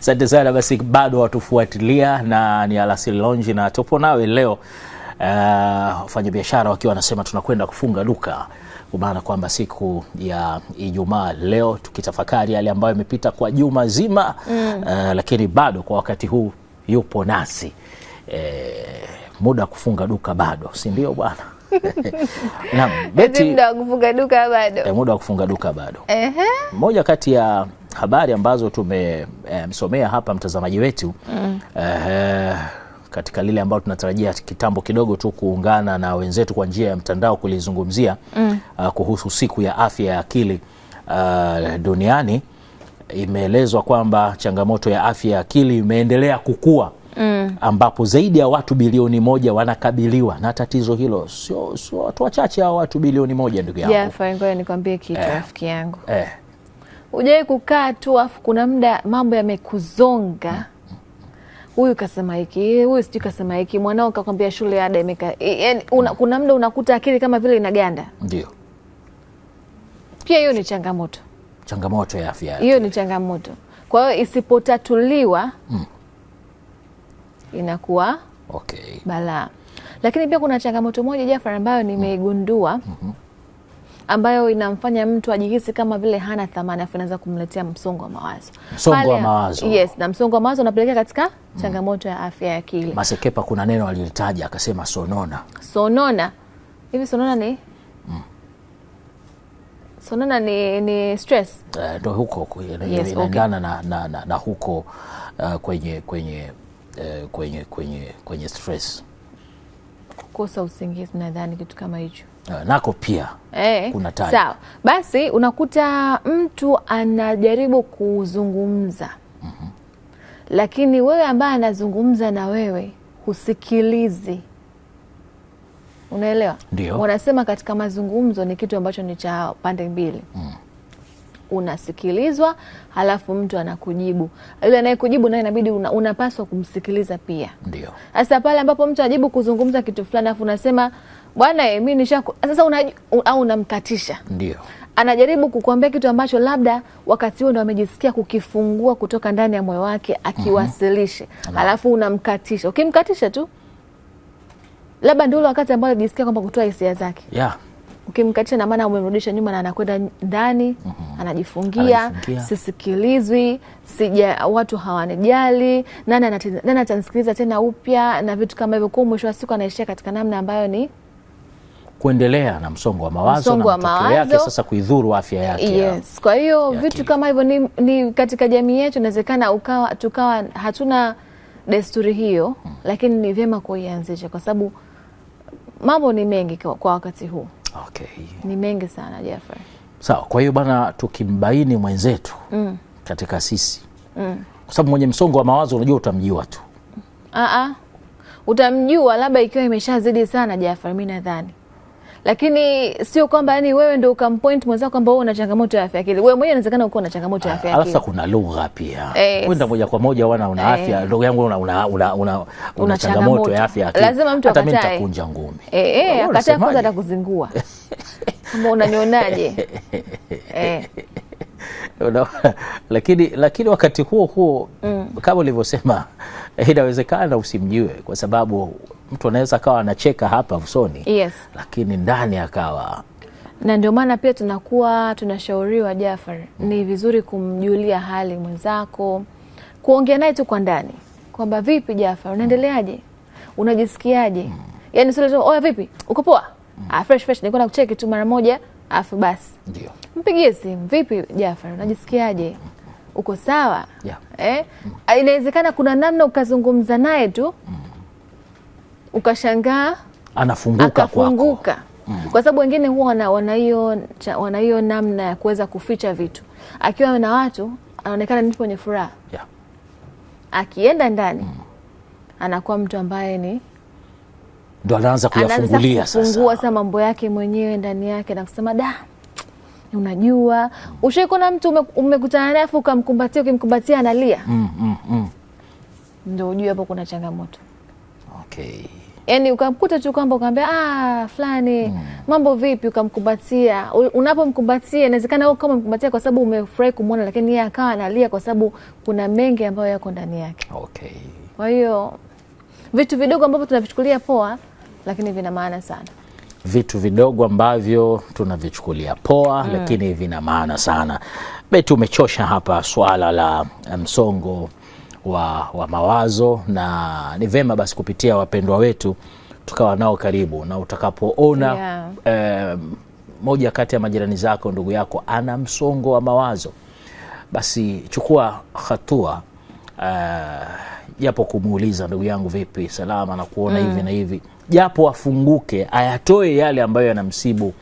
Asante sana basi, bado watufuatilia na ni Alasiri Lounge na tupo nawe leo. Eh, wafanyabiashara uh, wakiwa wanasema tunakwenda kufunga duka kwa maana kwamba siku ya Ijumaa leo tukitafakari yale ambayo imepita kwa juma zima mm. Uh, lakini bado kwa wakati huu yupo nasi e, muda wa kufunga duka bado, si ndio bwana? Naam, Beti, muda wa kufunga duka bado, muda wa kufunga duka bado. Moja kati ya habari ambazo tumemsomea eh, hapa mtazamaji wetu mm. eh, katika lile ambalo tunatarajia kitambo kidogo tu kuungana na wenzetu kwa njia ya mtandao kulizungumzia mm. uh, kuhusu siku ya afya ya akili uh, duniani, imeelezwa kwamba changamoto ya afya ya akili imeendelea kukua mm. ambapo zaidi ya watu bilioni moja wanakabiliwa na tatizo hilo. Sio sio watu wachache hao, watu bilioni moja ndugu yangu. Yeah, nikwambie kitu eh. rafiki yangu eh, ujawai kukaa tu afu kuna muda mambo yamekuzonga, mm. huyu kasema hiki, huyu sijui kasema hiki, mwanao kakwambia shule ada imeka, una, kuna muda unakuta akili kama vile inaganda. Ndio pia hiyo ni changamoto, changamoto ya afya, hiyo ni changamoto. Kwa hiyo isipotatuliwa mm. inakuwa okay. balaa. Lakini pia kuna changamoto moja Jafar, ambayo mm. nimeigundua mm -hmm ambayo inamfanya mtu ajihisi kama vile hana thamani, afu inaweza kumletea msongo wa mawazo. Msongo wa mawazo. Yes, na msongo wa mawazo unapelekea katika changamoto ya afya ya akili. Masekepa kuna neno alilitaja akasema sonona. Sonona. Hivi sonona ni mm. Sonona ni, ni stress. Eh, Ndio uh, huko inaendana okay. na, na, na, na huko uh, kwenye kwenye uh, kwenye kwenye kwenye stress. Kukosa usingizi nadhani kitu kama hicho. Ah, nako pia e, kuna tai. Sawa basi, unakuta mtu anajaribu kuzungumza mm -hmm. lakini wewe ambaye anazungumza na wewe husikilizi, unaelewa? Ndio wanasema katika mazungumzo ni kitu ambacho ni cha pande mbili mm. Unasikilizwa halafu mtu anakujibu, yule anayekujibu naye inabidi una, unapaswa kumsikiliza pia. Ndio sasa pale ambapo mtu anajibu kuzungumza kitu fulani alafu unasema bwana eh, mimi nisha sasa, una, au unamkatisha, ndio anajaribu kukuambia kitu ambacho labda wakati huo ndo amejisikia kukifungua kutoka ndani ya moyo wake akiwasilishe. mm -hmm. Alafu unamkatisha, ukimkatisha tu labda ndio ule wakati ambao alijisikia kwamba kutoa hisia zake yeah. Ukimkatisha na maana umemrudisha nyuma na anakwenda ndani mm -hmm. Anajifungia, anajifungia, sisikilizwi, sija watu hawanijali, nani atanisikiliza tena upya na vitu kama hivyo. Kwa mwisho wa siku anaishia katika namna ambayo ni kuendelea na msongo wa mawazo msongo wa na matokeo yake sasa kuidhuru afya yake. Yes. Kwa hiyo vitu kama hivyo ni, ni katika jamii yetu inawezekana ukawa tukawa hatuna desturi hiyo hmm. Lakini ni vyema kuianzisha kwa sababu mambo ni mengi kwa, kwa wakati huu okay. Ni mengi sana Jeffrey. Sawa, kwa hiyo bana, tukimbaini mwenzetu mm. katika sisi mm. kwa sababu mwenye msongo wa mawazo unajua utamjua tu. Ah, ah. utamjua labda ikiwa imeshazidi sana Jaffer, mimi nadhani lakini sio kwamba yani wewe ndio ukampoint mwenzako kwamba wewe una changamoto ya afya akili. Wewe mwenyewe inawezekana uko na changamoto ya afya akili. Alafu kuna lugha pia. Kwenda eh, moja kwa moja wana una eh. afya, ndugu yangu una una una, una, una changamoto ya afya akili. Lazima mtu akatae. Hata mimi nitakunja ngumi. Eh eh, akatae kwanza atakuzingua. Kama unanionaje? Eh. una, lakini, lakini wakati huo huo mm. Kama ulivyosema inawezekana usimjue kwa sababu mtu anaweza akawa anacheka hapa usoni yes, lakini ndani akawa na ndio maana pia tunakuwa tunashauriwa Jafar, mm. ni vizuri kumjulia hali mwenzako, kuongea naye tu kwa ndani kwamba vipi Jafar, unaendeleaje? Unajisikiaje? mm. Yani sio tu oya, vipi, uko poa? mm. ah, fresh fresh, nilikuwa nakucheki tu mara moja, afu basi ndio mpigie simu, vipi Jafar, unajisikiaje? Mm. uko sawa? yeah. eh? mm. Ah, inawezekana kuna namna ukazungumza naye tu mm ukashangaa anafunguka, akafunguka kwa, mm. Kwa sababu wengine huwa wana hiyo wana hiyo namna ya kuweza kuficha vitu. Akiwa na watu anaonekana nipo mwenye furaha yeah. Akienda ndani mm. anakuwa mtu ambaye ni ndo anaanza kuyafungulia sasa, sasa mambo yake mwenyewe ndani yake na kusema da Unajua, ushaiko na mtu umekutana naye afu ukamkumbatia, ukimkumbatia analia mm, mm, mm. Ndo ujue hapo kuna changamoto okay. Yaani ukamkuta tu kwamba ukamwambia ah, fulani mm. mambo vipi, ukamkumbatia. Unapomkumbatia inawezekana wewe kama umkumbatia kwa sababu umefurahi kumwona, lakini yeye akawa analia kwa sababu kuna mengi ambayo yako ndani yake okay. Kwa hiyo vitu vidogo ambavyo tunavichukulia poa, lakini vina maana sana vitu vidogo ambavyo tunavichukulia poa mm. lakini vina maana sana. Beti, umechosha hapa swala la eh, msongo wa, wa mawazo, na ni vema basi kupitia wapendwa wetu tukawa nao karibu, na utakapoona yeah. eh, moja kati ya majirani zako, ndugu yako ana msongo wa mawazo, basi chukua hatua eh, japo eh, kumuuliza ndugu yangu, vipi, salama na kuona mm. hivi na hivi, japo afunguke ayatoe yale ambayo yanamsibu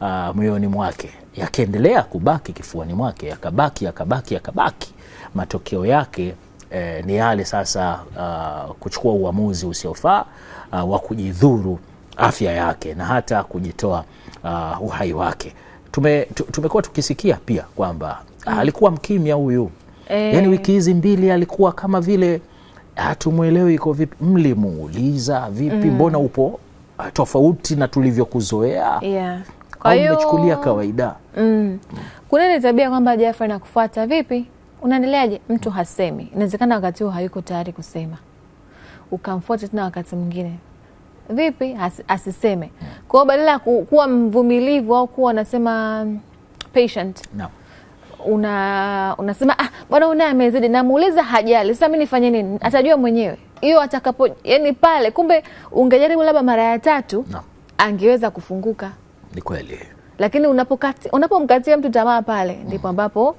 uh, moyoni mwake, yakiendelea kubaki kifuani mwake, yakabaki yakabaki yakabaki, matokeo yake eh, ni yale sasa uh, kuchukua uamuzi usiofaa uh, wa kujidhuru afya yake na hata kujitoa uh, uhai wake. Tume, tumekuwa tukisikia pia kwamba mm. alikuwa mkimya huyu e. Eh. Yani wiki hizi mbili alikuwa kama vile hatumwelewi iko vipi. Mlimuuliza vipi? mm. mbona upo tofauti na tulivyokuzoea? yeah. Kwa hiyo umechukulia kawaida mm. kuna ile tabia kwamba Jafari nakufuata vipi unaendeleaje, mtu hasemi. Inawezekana wakati huo hayuko tayari kusema, ukamfuata tena wakati mwingine vipi asiseme. Kwa hiyo badala ya kuwa mvumilivu au kuwa unasema mm, patient no. una unasema ah, bwana unaye amezidi, namuuliza hajali, sasa mi nifanye nini? Atajua mwenyewe hiyo atakapo, yani pale. Kumbe ungejaribu labda mara ya tatu no. angeweza kufunguka. Ni kweli, lakini unapomkatia mtu tamaa pale mm. ndipo ambapo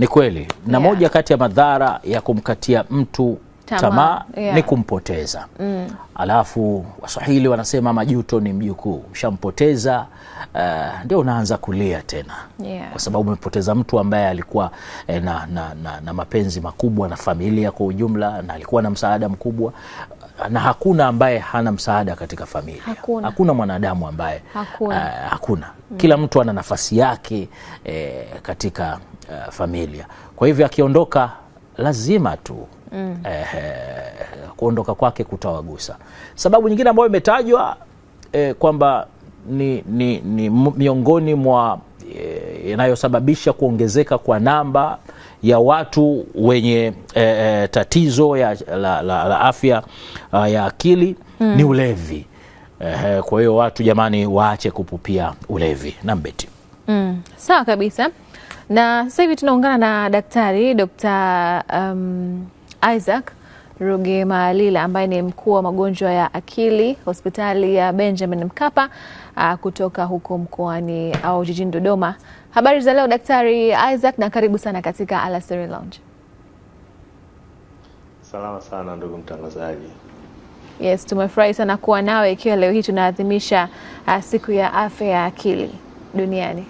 ni kweli na yeah. Moja kati ya madhara ya kumkatia mtu tamaa, yeah. ni kumpoteza mm. Alafu Waswahili wanasema majuto ni mjukuu, ushampoteza uh, ndio unaanza kulia tena yeah. Kwa sababu umepoteza mtu ambaye alikuwa eh, na, na, na, na mapenzi makubwa na familia kwa ujumla na alikuwa na msaada mkubwa na hakuna ambaye hana msaada katika familia. Hakuna, hakuna mwanadamu ambaye hakuna, uh, hakuna. Mm. Kila mtu ana nafasi yake eh, katika uh, familia. Kwa hivyo akiondoka lazima tu mm. Eh, eh, kuondoka kwake kutawagusa. Sababu nyingine ambayo imetajwa eh, kwamba ni, ni, ni miongoni mwa Eh, inayosababisha kuongezeka kwa namba ya watu wenye e, tatizo ya, la, la, la afya ah, ya akili mm. ni ulevi. E, kwa hiyo watu jamani, waache kupupia ulevi na mbeti mm. Sawa kabisa. Na sasa hivi tunaungana na daktari Dr. um, Isaac ruge maalila ambaye ni mkuu wa magonjwa ya akili hospitali ya Benjamin Mkapa uh, kutoka huko mkoani au jijini Dodoma. Habari za leo Daktari Isaac, na karibu sana katika Alasiri Lounge. Salama sana ndugu mtangazaji. Yes, tumefurahi sana kuwa nawe ikiwa leo hii tunaadhimisha uh, siku ya afya ya akili duniani.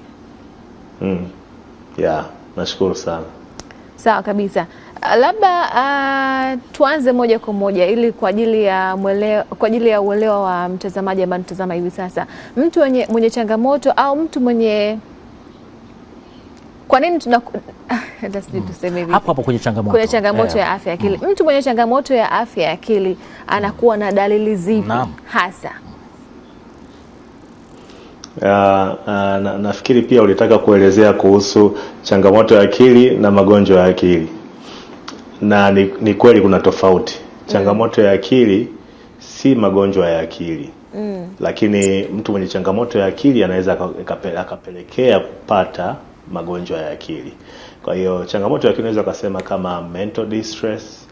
Mm. Yeah, nashukuru sana. Sawa kabisa. Uh, labda uh, tuanze moja kwa moja ili kwa ajili ya mwelewa, kwa ajili ya uelewa wa mtazamaji ambaye mtazama hivi sasa, mtu mwenye, mwenye changamoto au mtu mwenye kwa nini tuna sijui hmm. tuseme hivi hapo hapo kwenye changamoto, kwenye changamoto yeah, ya eh. afya hmm. akili mm. Mtu mwenye changamoto ya afya ya akili hmm. anakuwa na dalili zipi na hasa? Uh, uh, na, nafikiri pia ulitaka kuelezea kuhusu changamoto ya akili na magonjwa ya akili na ni, ni kweli kuna tofauti changamoto mm. ya akili si magonjwa ya akili mm. lakini mtu mwenye changamoto ya akili anaweza akapelekea kupata magonjwa ya akili. Kwa hiyo changamoto ya akili unaweza ukasema kama mental distress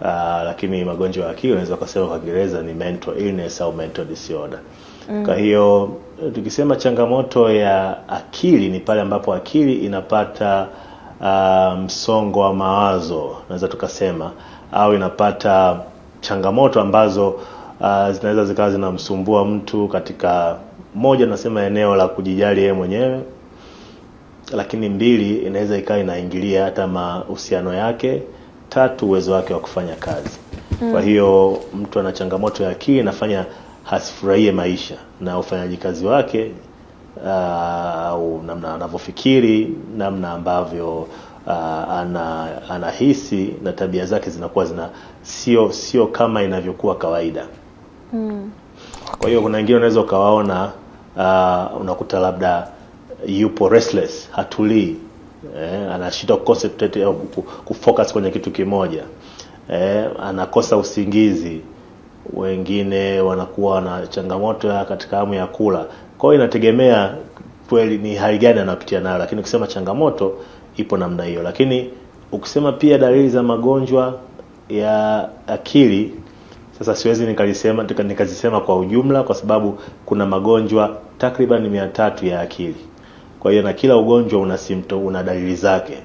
uh, lakini magonjwa ya akili unaweza ukasema kwa Kiingereza ni mental illness au mental disorder mm. Kwa hiyo tukisema changamoto ya akili ni pale ambapo akili inapata uh, msongo wa mawazo naweza tukasema, au inapata changamoto ambazo uh, zinaweza zikawa zinamsumbua mtu katika moja, nasema eneo la kujijali yeye mwenyewe, lakini mbili, inaweza ikawa inaingilia hata mahusiano yake, tatu, uwezo wake wa kufanya kazi mm. Kwa hiyo mtu ana changamoto ya akili inafanya hasifurahie maisha na ufanyaji kazi wake uh, namna anavyofikiri, namna ambavyo uh, ana, anahisi na tabia zake zinakuwa zina sio sio kama inavyokuwa kawaida mm. Kwa hiyo kuna wengine unaweza ukawaona uh, unakuta labda yupo restless, hatulii eh, anashindwa concentrate au kufocus kwenye kitu kimoja eh, anakosa usingizi wengine wanakuwa na changamoto katika hamu ya kula. Kwa hiyo inategemea kweli ni hali gani anapitia nayo, lakini ukisema changamoto ipo namna hiyo, lakini ukisema pia dalili za magonjwa ya akili sasa siwezi nikalisema nikazisema kwa ujumla, kwa sababu kuna magonjwa takriban mia tatu ya akili. Kwa hiyo na kila ugonjwa una simto, una dalili zake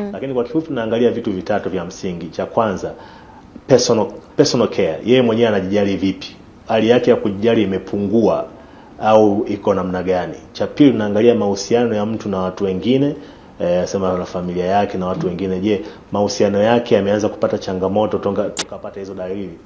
mm. Lakini kwa kifupi tunaangalia vitu vitatu vya msingi. Cha kwanza personal, personal care, yeye mwenyewe anajijali vipi, hali yake ya kujijali imepungua au iko namna gani. Cha pili, unaangalia mahusiano ya mtu na watu wengine e, na familia yake na watu wengine. Je, mahusiano yake yameanza kupata changamoto tukapata hizo dalili?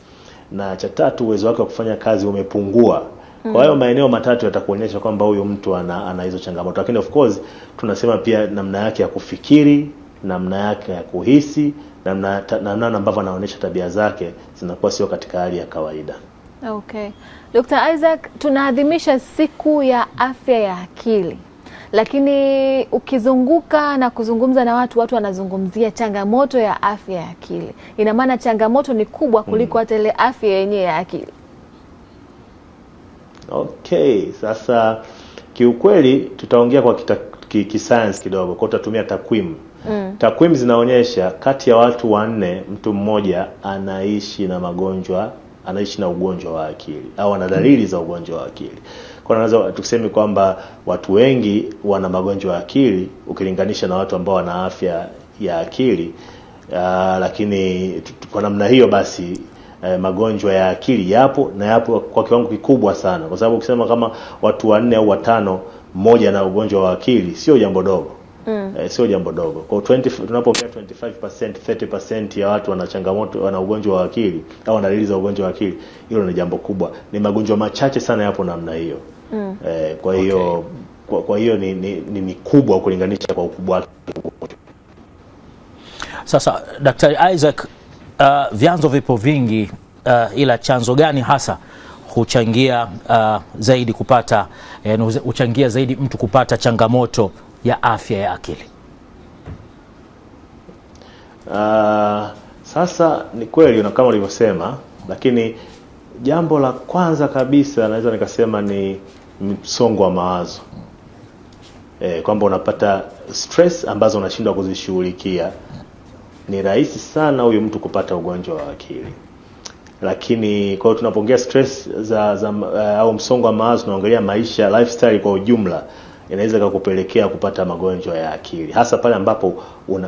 Na cha tatu, uwezo wake wa kufanya kazi umepungua. Kwa mm. hiyo maeneo matatu yatakuonyesha kwamba huyu mtu ana, ana hizo changamoto, lakini of course tunasema pia namna yake ya kufikiri namna yake ya kuhisi, namna namna ambavyo anaonyesha tabia zake zinakuwa sio katika hali ya kawaida. Okay. Dr. Isaac, tunaadhimisha siku ya afya ya akili lakini ukizunguka na kuzungumza na watu, watu wanazungumzia changamoto ya afya ya akili. Ina maana changamoto ni kubwa kuliko hmm. hata ile afya yenyewe ya akili. Okay, sasa kiukweli tutaongea kwa kisayansi kidogo, kwa tutatumia takwimu Mm. Takwimu zinaonyesha kati ya watu wanne mtu mmoja anaishi na magonjwa, anaishi na ugonjwa wa akili au ana dalili za ugonjwa wa akili. Kwa naweza tuseme kwamba watu wengi wana magonjwa ya akili ukilinganisha na watu ambao wana afya ya akili. Uh, lakini kwa namna hiyo basi eh, magonjwa ya akili yapo na yapo kwa kiwango kikubwa sana, kwa sababu ukisema kama watu wanne au watano mmoja na ugonjwa wa akili sio jambo dogo mm. Eh, sio jambo dogo. Kwa 20 tunapoongea 25% 30% ya watu wana changamoto wana ugonjwa wa akili au wana dalili za ugonjwa wa akili, hilo ni jambo kubwa. Ni magonjwa machache sana yapo namna hiyo. Mm. Eh, kwa hiyo okay. Kwa, hiyo ni, ni, ni, ni kubwa kulinganisha kwa ukubwa wake. Sasa Daktari Isaac, uh, vyanzo vipo vingi uh, ila chanzo gani hasa huchangia uh, zaidi kupata yani, huchangia zaidi mtu kupata changamoto ya afya ya akili? Uh, sasa ni kweli na kama ulivyosema, lakini jambo la kwanza kabisa naweza nikasema ni msongo wa mawazo e, kwamba unapata stress ambazo unashindwa kuzishughulikia. Ni rahisi sana huyu mtu kupata ugonjwa wa akili, lakini kwa tunapoongea stress za, za, uh, au msongo wa mawazo tunaongelea maisha lifestyle kwa ujumla inaweza kukupelekea kupata magonjwa ya akili, hasa pale ambapo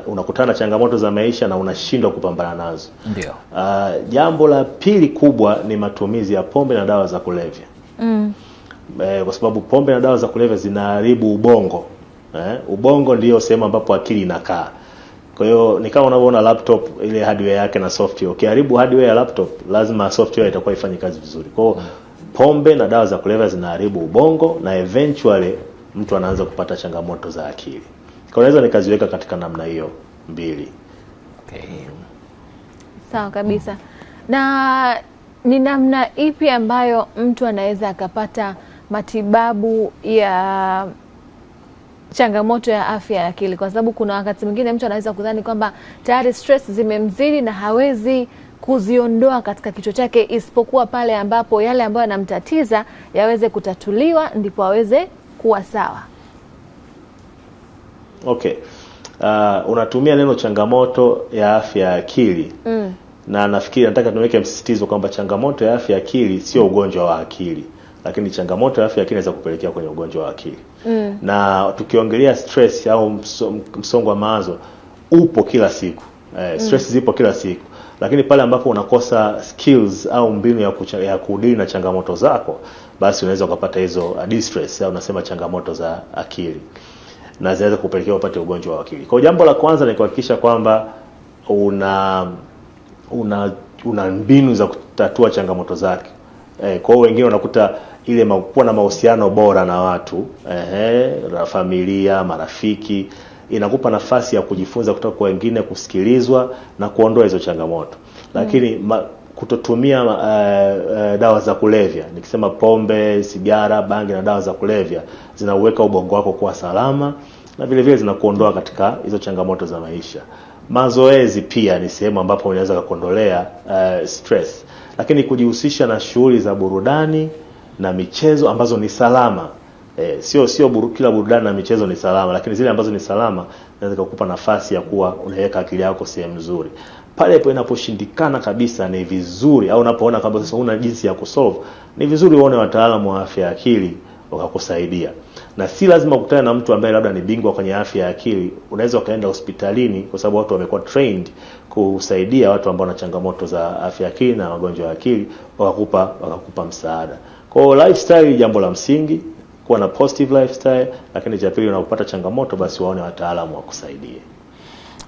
unakutana una changamoto za maisha na unashindwa kupambana nazo. Uh, jambo la pili kubwa ni matumizi ya pombe na dawa za kulevya mm. Eh, kwa sababu pombe na dawa za kulevya zinaharibu ubongo eh, ubongo ndio sehemu ambapo akili inakaa. Kwa hiyo ni kama unavyoona laptop ile hardware yake na software. Ukiharibu hardware ya laptop, lazima software itakuwa ifanye kazi vizuri. Kwa hiyo mm. pombe na dawa za kulevya zinaharibu ubongo na eventually mtu anaanza kupata changamoto za akili. Kwa naweza nikaziweka katika namna hiyo mbili. Okay. Sawa kabisa. Na ni namna ipi ambayo mtu anaweza akapata matibabu ya changamoto ya afya ya akili? Kwa sababu kuna wakati mwingine mtu anaweza kudhani kwamba tayari stress zimemzidi na hawezi kuziondoa katika kichwa chake, isipokuwa pale ambapo yale ambayo yanamtatiza yaweze kutatuliwa, ndipo aweze kuwa sawa? Okay. Uh, unatumia neno changamoto ya afya ya akili mm. na nafikiri nataka tuweke msisitizo kwamba changamoto ya afya ya akili sio ugonjwa wa akili lakini changamoto ya afya akili inaweza kupelekea kwenye ugonjwa wa akili mm. na tukiongelea stress au msongo wa mawazo upo kila siku eh, mm. stress mm. zipo kila siku lakini pale ambapo unakosa skills au mbinu ya, ya kudili na changamoto zako basi unaweza ukapata hizo uh, distress au unasema changamoto za akili na zinaweza kupelekea upate ugonjwa wa akili. Kwa jambo la kwanza ni kuhakikisha kwamba una una una mbinu za kutatua changamoto zake. Eh, kwa hiyo wengine unakuta ile kuwa na mahusiano bora na watu eh, na familia, marafiki inakupa nafasi ya kujifunza kutoka kwa wengine, kusikilizwa na kuondoa hizo changamoto, lakini mm. ma, kutotumia uh, uh, dawa za kulevya. Nikisema pombe, sigara, bangi na dawa za kulevya zinauweka ubongo wako kuwa salama na vile vile zinakuondoa katika hizo changamoto za maisha. Mazoezi pia ni sehemu ambapo unaweza kukondolea uh, stress, lakini kujihusisha na shughuli za burudani na michezo ambazo ni salama eh, sio sio buru, kila burudani na michezo ni salama, lakini zile ambazo ni salama zinaweza kukupa nafasi ya kuwa unaweka akili yako sehemu nzuri. Pale hapo inaposhindikana kabisa, ni vizuri au unapoona kwamba sasa una jinsi ya kusolve, ni vizuri uone wataalamu wa afya ya akili wakakusaidia, na si lazima ukutane na mtu ambaye labda ni bingwa kwenye afya ya akili. Unaweza ukaenda hospitalini, kwa sababu watu wamekuwa trained kusaidia watu ambao wana changamoto za afya ya akili na magonjwa ya akili, wakakupa wakakupa msaada. Kwa hiyo lifestyle, jambo la msingi kuwa na positive lifestyle, lakini cha pili unapopata changamoto, basi waone wataalamu wakusaidie.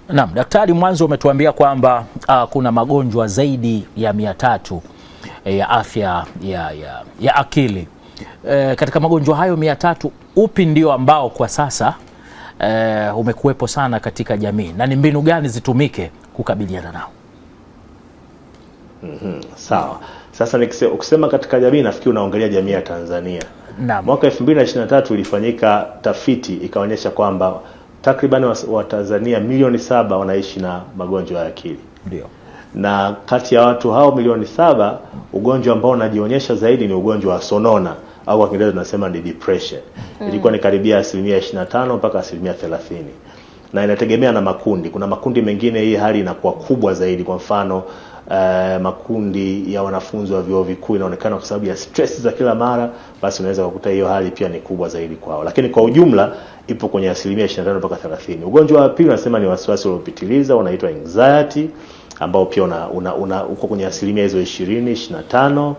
Naam, daktari, mwanzo umetuambia kwamba uh, kuna magonjwa zaidi ya mia tatu eh, ya afya ya, ya, ya akili e, katika magonjwa hayo mia tatu upi ndio ambao kwa sasa e, umekuwepo sana katika jamii na ni mbinu gani zitumike kukabiliana nao? mm -hmm, sawa. Sasa ukisema katika jamii, nafikiri unaongelea jamii ya Tanzania. Naam. Mwaka 2023 ilifanyika tafiti ikaonyesha kwamba takriban Watanzania wa milioni saba wanaishi na magonjwa ya akili. Ndio. Na kati ya watu hao milioni saba ugonjwa ambao unajionyesha zaidi ni ugonjwa wa sonona au kwa Kiingereza tunasema ni depression. Mm. Ilikuwa ni karibia asilimia 25 mpaka asilimia 30 na inategemea na makundi. Kuna makundi mengine hii hali inakuwa kubwa zaidi, kwa mfano uh, makundi ya wanafunzi wa vyuo vikuu inaonekana kwa sababu ya stress za kila mara, basi unaweza kukuta hiyo hali pia ni kubwa zaidi kwao, lakini kwa ujumla ipo kwenye asilimia 25 mpaka 30. Ugonjwa wa pili unasema ni wasiwasi uliopitiliza unaitwa anxiety ambao pia una, una, una uko kwenye asilimia hizo 20 25.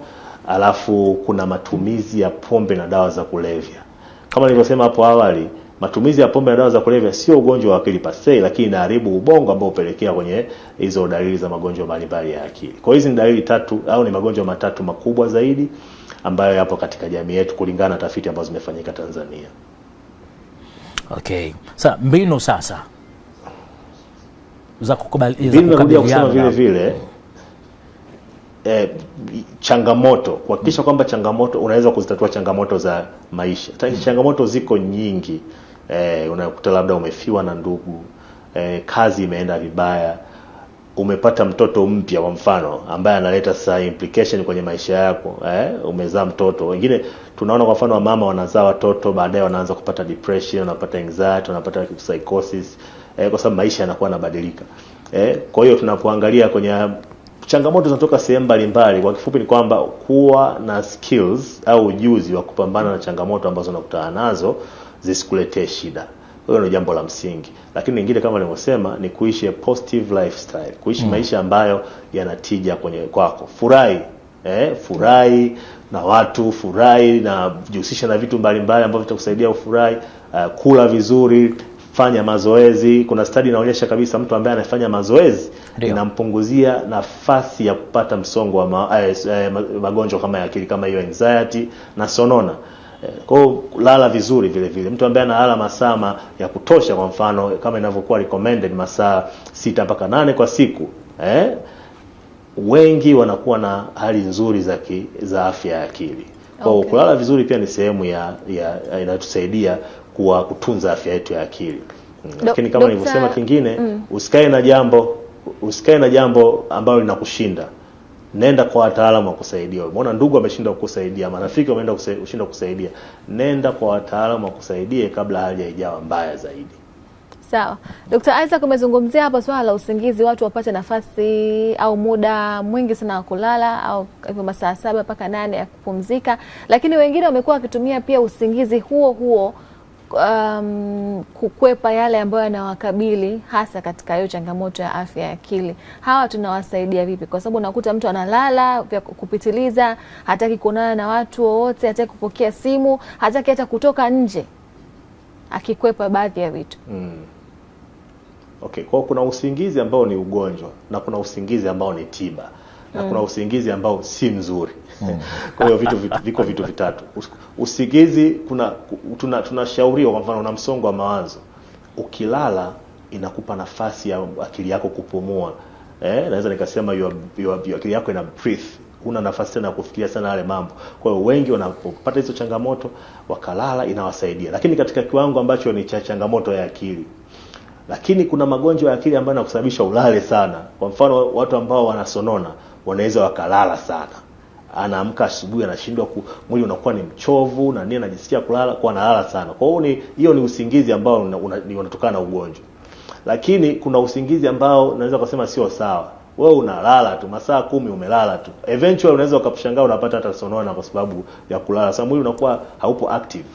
Alafu kuna matumizi ya pombe na dawa za kulevya kama nilivyosema hapo awali Matumizi ya pombe na dawa za kulevya sio ugonjwa wa akili pasei, lakini inaharibu ubongo ambao hupelekea kwenye hizo dalili za magonjwa mbalimbali ya akili. Kwa hizi ni dalili tatu au ni magonjwa matatu makubwa zaidi ambayo yapo katika jamii yetu kulingana na tafiti ambazo zimefanyika Tanzania. Okay. Sa mbinu sasa za kukubaliana narudia kusema vile vile E, changamoto kuhakikisha kwamba changamoto unaweza kuzitatua changamoto za maisha. Mm. Changamoto ziko nyingi e, unakuta labda umefiwa na ndugu e, kazi imeenda vibaya, umepata mtoto mpya kwa mfano ambaye analeta sasa implication kwenye maisha yako eh, umezaa mtoto. Wengine tunaona kwa mfano wamama wanazaa watoto baadaye wanaanza kupata depression, wanapata anxiety, wanapata psychosis eh, kwa sababu maisha yanakuwa yanabadilika eh. Kwa hiyo tunapoangalia kwenye changamoto zinatoka sehemu mbalimbali. Kwa kifupi ni kwamba kuwa na skills au ujuzi wa kupambana na changamoto ambazo unakutana nazo zisikuletee shida. Hiyo ndio jambo la msingi, lakini lingine kama nilivyosema ni kuishi a positive lifestyle, kuishi mm. maisha ambayo yanatija kwenye kwako. Furahi eh, furahi na watu, furahi na jihusisha na vitu mbalimbali ambavyo vitakusaidia ufurahi. Uh, kula vizuri, fanya mazoezi. Kuna study inaonyesha kabisa mtu ambaye anafanya mazoezi inampunguzia nafasi ya kupata msongo wa ma, eh, eh magonjwa kama ya akili kama hiyo anxiety na sonona. Kwa kulala lala vizuri vile vile. Mtu ambaye analala masaa ya kutosha, kwa mfano kama inavyokuwa recommended masaa sita mpaka nane kwa siku eh, wengi wanakuwa na hali nzuri za, ki, za afya ya akili. Kwa okay, kulala vizuri pia ni sehemu ya, ya inatusaidia kuwa kutunza afya yetu ya akili mm, lakini kama nilivyosema, kingine mm, usikae na jambo usikae na jambo ambalo linakushinda nenda kwa wataalamu wakusaidia. Umeona ndugu ameshindwa kukusaidia, marafiki wameenda kushindwa kusaidia, nenda kwa wataalamu wakusaidie kabla hali haijawa mbaya zaidi. Sawa. dkt Isaac umezungumzia hapa swala la usingizi, watu wapate nafasi au muda mwingi sana wa kulala au hivyo masaa saba mpaka nane ya kupumzika, lakini wengine wamekuwa wakitumia pia usingizi huo huo um, kukwepa yale ambayo yanawakabili hasa katika hiyo changamoto ya afya ya akili, hawa tunawasaidia vipi? Kwa sababu unakuta mtu analala vya kupitiliza, hataki kuonana na watu wowote, hataki kupokea simu, hataki hata kutoka nje, akikwepa baadhi ya vitu mm. Okay, kwa kuna usingizi ambao ni ugonjwa na kuna usingizi ambao ni tiba na kuna mm. usingizi ambao si mzuri. Mm. Kwa hiyo vitu viko vitu vitatu. Usingizi kuna tuna, tunashauriwa kwa mfano una msongo wa mawazo, ukilala inakupa nafasi ya akili yako kupumua. Eh, naweza nikasema akili yako ina breathe Una nafasi tena ya kufikiria sana yale mambo. Kwa hiyo wengi wanapopata hizo changamoto wakalala, inawasaidia, lakini katika kiwango ambacho ni cha changamoto ya akili. Lakini kuna magonjwa ya akili ambayo yanakusababisha ulale sana, kwa mfano watu ambao wanasonona wanaweza wakalala sana anaamka asubuhi anashindwa mwili unakuwa ni mchovu na nini anajisikia kulala kwa analala sana kwa hiyo ni hiyo ni usingizi ambao unatokana na ugonjwa lakini kuna usingizi ambao naweza kusema sio sawa wewe unalala tu masaa kumi umelala tu eventually unaweza ukashangaa unapata hata sonona kwa sababu ya kulala sasa mwili unakuwa haupo active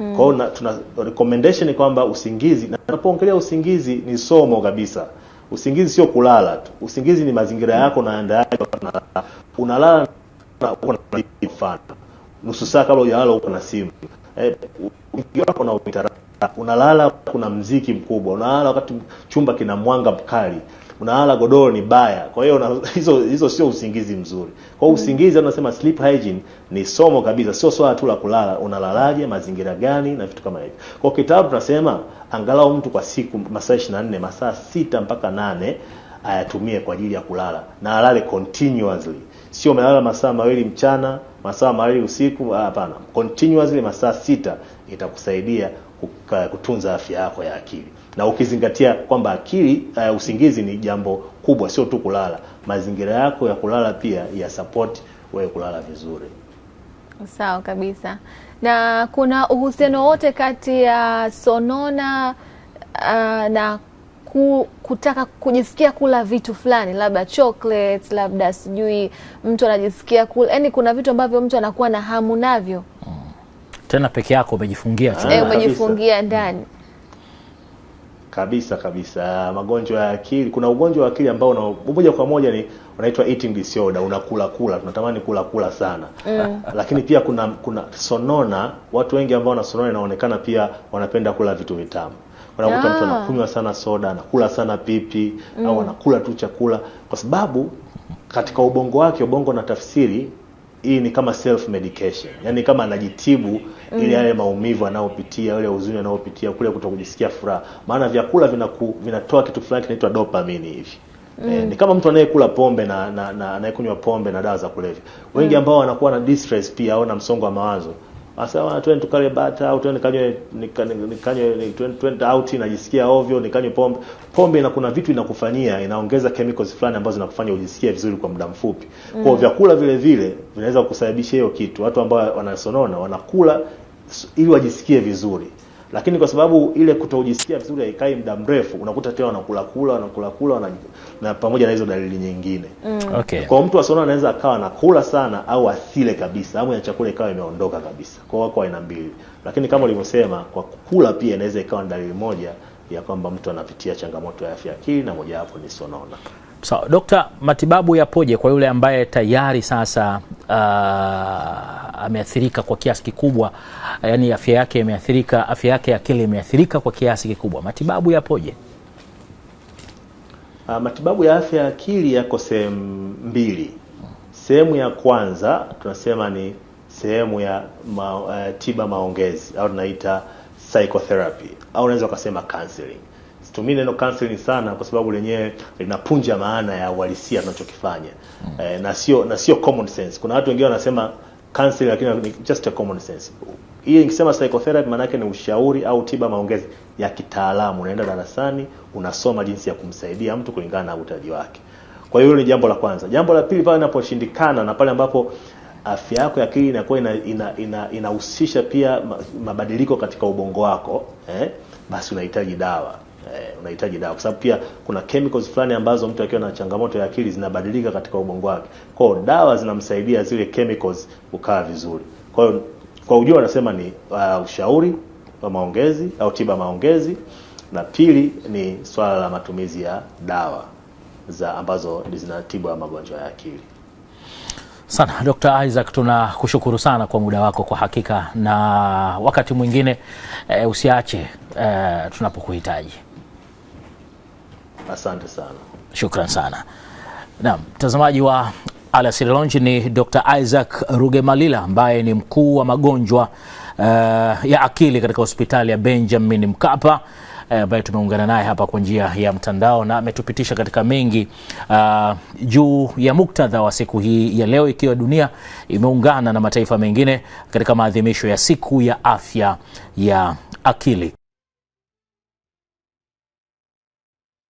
mm. kwa hiyo tuna recommendation kwamba usingizi na tunapoongelea usingizi ni somo kabisa Usingizi sio kulala tu, usingizi ni mazingira yako na andaaji. Unalala na mfano nusu saa kabla hujalala uko na simu eh, wako na utaratibu. Unalala kuna mziki mkubwa, unalala wakati chumba kina mwanga mkali unalala godoro ni baya. Kwa hiyo hizo hizo sio usingizi mzuri. Kwa hiyo mm. usingizi, tunasema sleep hygiene ni somo kabisa, sio swala tu la kulala, unalalaje, mazingira gani na vitu kama hivyo. Kwa kitabu tunasema angalau mtu kwa siku masaa 24 masaa sita mpaka nane ayatumie kwa ajili ya kulala na alale continuously, sio umelala masaa mawili mchana masaa mawili usiku. Hapana, continuously masaa sita itakusaidia kutunza afya yako ya akili na ukizingatia kwamba akili uh, usingizi ni jambo kubwa, sio tu kulala. Mazingira yako ya kulala pia ya support wewe kulala vizuri. Sawa kabisa. Na kuna uhusiano wote kati ya sonona uh, na ku, kutaka kujisikia kula vitu fulani, labda chocolate, labda sijui mtu anajisikia kula, yani kuna vitu ambavyo mtu anakuwa na hamu navyo, hmm. tena peke yako umejifungia, eh, umejifungia ndani kabisa kabisa. Magonjwa ya akili, kuna ugonjwa wa akili ambao moja kwa moja ni unaitwa eating disorder, unakula kula, tunatamani kula kula sana yeah. Mm. Lakini pia kuna kuna sonona, watu wengi ambao sonona inaonekana pia wanapenda kula vitu vitamu unakuta mtu ah. anakunywa sana soda, anakula sana pipi mm. au anakula tu chakula, kwa sababu katika ubongo wake, ubongo na tafsiri hii ni kama self medication yani kama anajitibu mm. ili yale maumivu anayopitia yale huzuni anayopitia kule kutokujisikia furaha maana vyakula vinaku, vinatoa kitu fulani kinaitwa dopamine hivi eh, Mm. E, ni kama mtu anayekula pombe na, na, anayekunywa pombe na dawa za kulevya. Wengi mm. ambao wanakuwa na distress pia au na msongo wa mawazo Asawa twende tukale bata au twende kanywe nikanywe twende out najisikia ovyo nikanywe pombe. Pombe na kuna vitu inakufanyia inaongeza chemicals fulani ambazo zinakufanya ujisikie vizuri kwa muda mfupi. Mm. Kwa vyakula vile vile vinaweza kusababisha hiyo kitu. Watu ambao wanasonona wanakula ili wajisikie vizuri lakini kwa sababu ile kutojisikia vizuri haikai muda mrefu, unakuta tena wanakula kula wanakula kula na, na pamoja na hizo dalili nyingine mm. Okay. Kwa mtu asiona anaweza akawa nakula sana au asile kabisa, hamu ya chakula ikawa imeondoka kabisa. Kwa wako aina mbili, lakini kama ulivyosema, kwa kula pia inaweza ikawa dalili moja ya kwamba mtu anapitia changamoto ya afya akili, na mojawapo ni sonona. Sawa, so, dokta, matibabu yapoje kwa yule ambaye tayari sasa uh, ameathirika kwa kiasi kikubwa, yani afya yake imeathirika, afya yake ya akili imeathirika kwa kiasi kikubwa, matibabu yapoje? Uh, matibabu ya afya ya akili yako sehemu mbili. Sehemu ya kwanza tunasema ni sehemu ya ma, uh, tiba maongezi au tunaita psychotherapy au unaweza ukasema counseling Situmii neno counseling sana kwa sababu lenyewe linapunja maana ya uhalisia tunachokifanya mm. E, na sio na sio common sense. Kuna watu wengine wanasema counseling lakini ni just a common sense. Hii nikisema psychotherapy maana yake ni ushauri au tiba maongezi ya kitaalamu. Unaenda darasani, unasoma jinsi ya kumsaidia mtu kulingana na utaji wake. Kwa hiyo hilo ni jambo la kwanza. Jambo la pili, pale inaposhindikana na pale ambapo afya yako ya akili inakuwa inahusisha ina, ina, ina pia mabadiliko katika ubongo wako eh, basi unahitaji dawa eh, unahitaji dawa, kwa sababu pia kuna chemicals fulani ambazo mtu akiwa na changamoto ya akili zinabadilika katika ubongo wake. Kwa hiyo dawa zinamsaidia zile chemicals kukaa vizuri. Kwa hiyo kwa ujua anasema ni uh, ushauri wa maongezi au tiba maongezi, na pili ni swala la matumizi ya dawa za ambazo zinatibu magonjwa ya akili sana. Dr. Isaac, tunakushukuru sana kwa muda wako kwa hakika, na wakati mwingine e, usiache e, tunapokuhitaji. Asante sana, shukran sana. Naam, mtazamaji wa Alasiri Lounge ni Dr. Isaac Rugemalila ambaye ni mkuu wa magonjwa uh, ya akili katika hospitali ya Benjamin Mkapa eh, ambaye uh, tumeungana naye hapa kwa njia ya mtandao na ametupitisha katika mengi uh, juu ya muktadha wa siku hii ya leo, ikiwa dunia imeungana na mataifa mengine katika maadhimisho ya siku ya afya ya akili.